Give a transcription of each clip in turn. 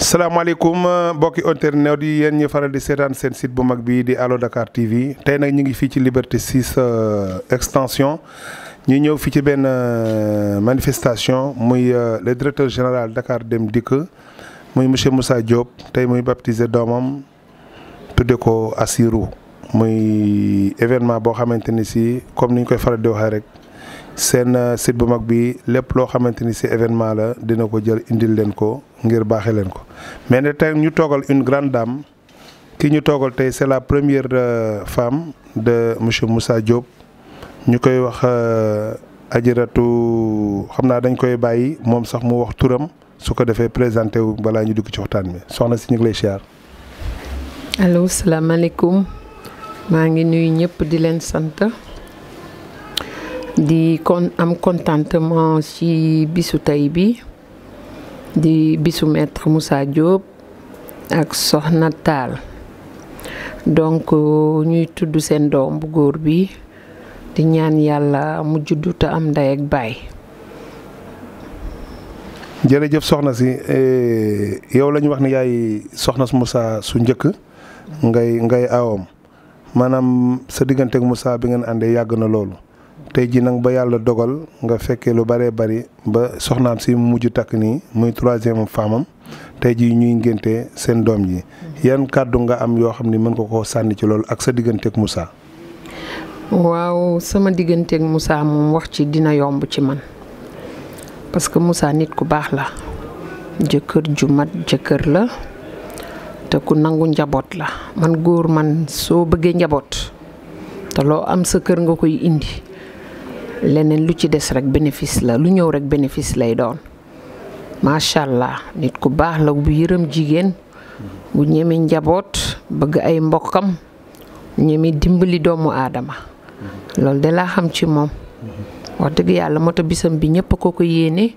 Salam alaikum, euh, internet yi yéen ñi faral di sétane site bu Dakar TV tay nak ñu ngi Liberté 6 euh, extension ñu ñëw fi ci euh, manifestation muy le directeur général Dakar Dem que muy monsieur Moussa Diop tay muy baptisé domam tudde ko Assirou muy événement bo comme koy sen euh, site bu mag bi lépp loo xamante ni événement la dina ko jël indil ko ngir bahelenko leen ko mais grandam tey ñu toogal une grande dame ki ñu c'est la première euh, femme de monsieur Moussa Diop ñu koy wax euh, ajaratu xam naa dañ koy bàyyi moom sax mu wax turam su ko defee présenté wu balaa ñu dugg ci waxtaan bi soxna si ñu lay siyaar. allo ngi nuyu di di kon am contentement si bisu tay di bisu maître Moussa Diop ak soxna tal donc ñuy tuddu sen dom bu gor bi di ñaan yalla mu juddu ta am nday ak baay jërëjëf soxna si eh, yow lañ wax ni yaay soxna Moussa su njëkk ngay ngay awam manam sa diggante ak Moussa bi ngeen yag na lolou tay ji nak ba yalla dogal nga fekke lu bare bare ba soxnam si mu mujj takk nii muy 3e nyu tay ji ñuy ngenté sen dom ji yan kaddu nga am yo xamni ni mën ko koo sànni ci lool ak sa ak Moussa. waaw sama digentek Moussa mu wax ci dina yomb ci man parce que Moussa nit ku bax la jëkër ju mat jëkër la te ku nangu njabot la man goor man so bëggee njabot te lo am sa kër nga indi. Lenen lu ci dess rek bénéfice la lu ñew rek bénéfice lay doon sha allah nit ku baax la bu yërëm jigen bu ñëmi njabot bëgg ay mbokam ñëmi dimbali doomu adama lool de la xam ci mom wax dëgg yàlla moto bisam bi ñëpp ko ko yéene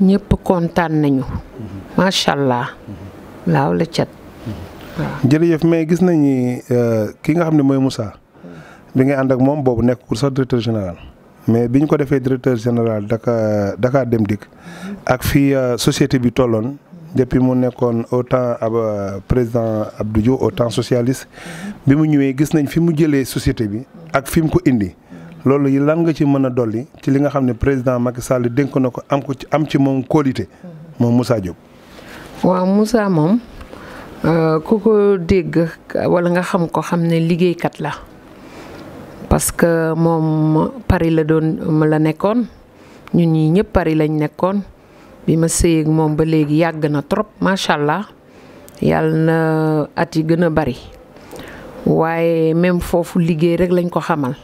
ñëpp contane nañu sha allah laaw la ciat waaw jërëjëf gis nañ euh, ki nga xam moy bi nga and ak mom bobu directeur général mais bi ñu ko defee directeur général Dakar Dakar Dem Dikk ak fii euh, société bi tolloon depuis mu nekkoon au temps ab euh, président ab Diouf au temps socialiste bi mu ñëwee gis nañ fi mu jëlee société bi ak fi mu ko indi loolu yi lan nga ci mën a dolli ci li nga xam ne président Macky Sall dénk na ko am ko ci am ci moom qualité moom Moussa Diop. waaw Moussa moom euh, ku ko dégg wala nga xam ko xam ne liggéeykat la. parce que mom Paris la ma la nekkon ñun ñi ñepp Paris lañ nekkon bi ma ak mom ba légui yag na trop machallah yal na ati gëna bari waye même fofu liggéey rek lañ ko xamal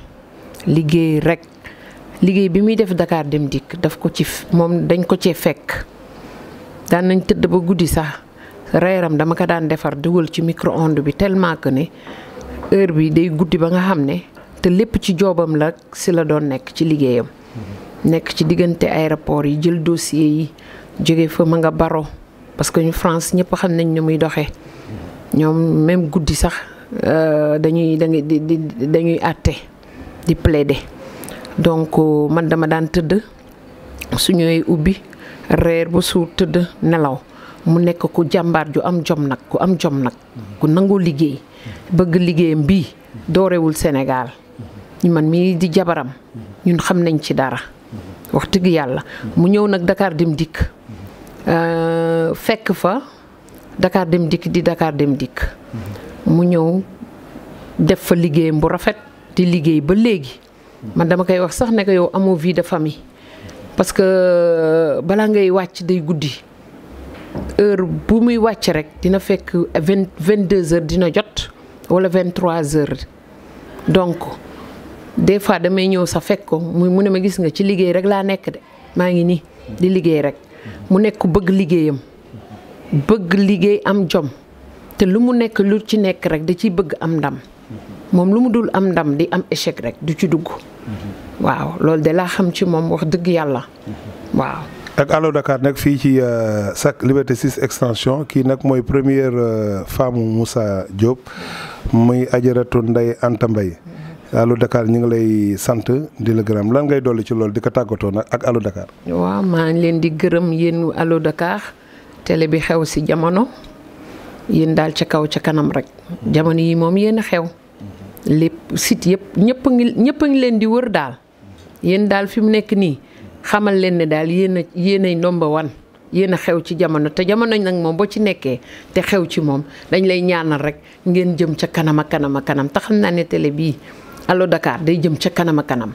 liggéey rek liggéey bi muy def Dakar dem dik daf ko ci mom dañ ko ci fekk dan nañ tedd ba guddi sax reeram dama ka daan defar duggal ci micro-onde bi tellement que ne heure bi day guddi ba nga xamne ne lépp ci joobam la si la doon nekk ci liggéeyam. nekk ci diggante aéroport yi jël dossier yi jóge fa ma nga baro parce que ñu France ñëpp xam nañ ni muy doxe ñoom même guddi sax euh, dañuy dañuy dañuy àtte di plaider donc euh, man dama daan tëdd su ubbi reer bu suur tëdd nelaw mu nekk ku jàmbaar ju am jom nag ku am jom nag ku nangoo liggéey bëgg liggéeyam bii doorewul Sénégal. man mii di jabaram ñun xam nañ ci dara wax dëgg yàlla mu ñëw nag dakaar dem dikk euh, fekk fa dakaar dem dikk di dakaar dem dikk mu ñëw def fa liggéeyam bu rafet di liggéey ba léegi man dama koy wax sax ne yow amoo vie de famille parce que euh, balaa ngay wàcc day guddi heure bu muy wàcc rek dina fekk vingt vingt deux heures dina jot wala vingt trois heures des fois damay ñëw sa fekk ko muy mu ne ma gis nga ci liggéey rek la nekk de ma ngi ni di liggéey rek mu nekk bëgg liggéeyam bëgg liggéey am jom te lu mu nekk lu ci nekk rek da ci bëgg am ndam mom lu mu dul am ndam di am échec rek du ci dugg waaw loolu de la xam ci mom wax dëgg yalla waaw ak allo Dakar nak fi ci euh, SAC Liberté 6 extension ki nak moy première euh, femme Moussa Diop muy ajaratu Ndeye Anta Allo Dakar ñu ngi lay sant di la gërëm lan ngay dolli ci loolu di ko tàggatoo nag ak Allo Dakar. waaw maa ngi leen di gërëm yéen Allo Dakar tele bi xew si jamono yéen daal ca kaw ca kanam rek jamono yi moom yéen xew lépp yëpp ñëpp a ngi leen di wër daal yéen daal fi mu nekk nii xamal leen ne daal yéen yéen ay number one yéen xew ci jamono te jamono nag moom boo ci nekkee te xew ci moom dañ lay ñaanal rek ngeen jëm ca kanam a kanam a kanam te naa ne télé bii. Allo Dakar day jëm ca kanam a kanam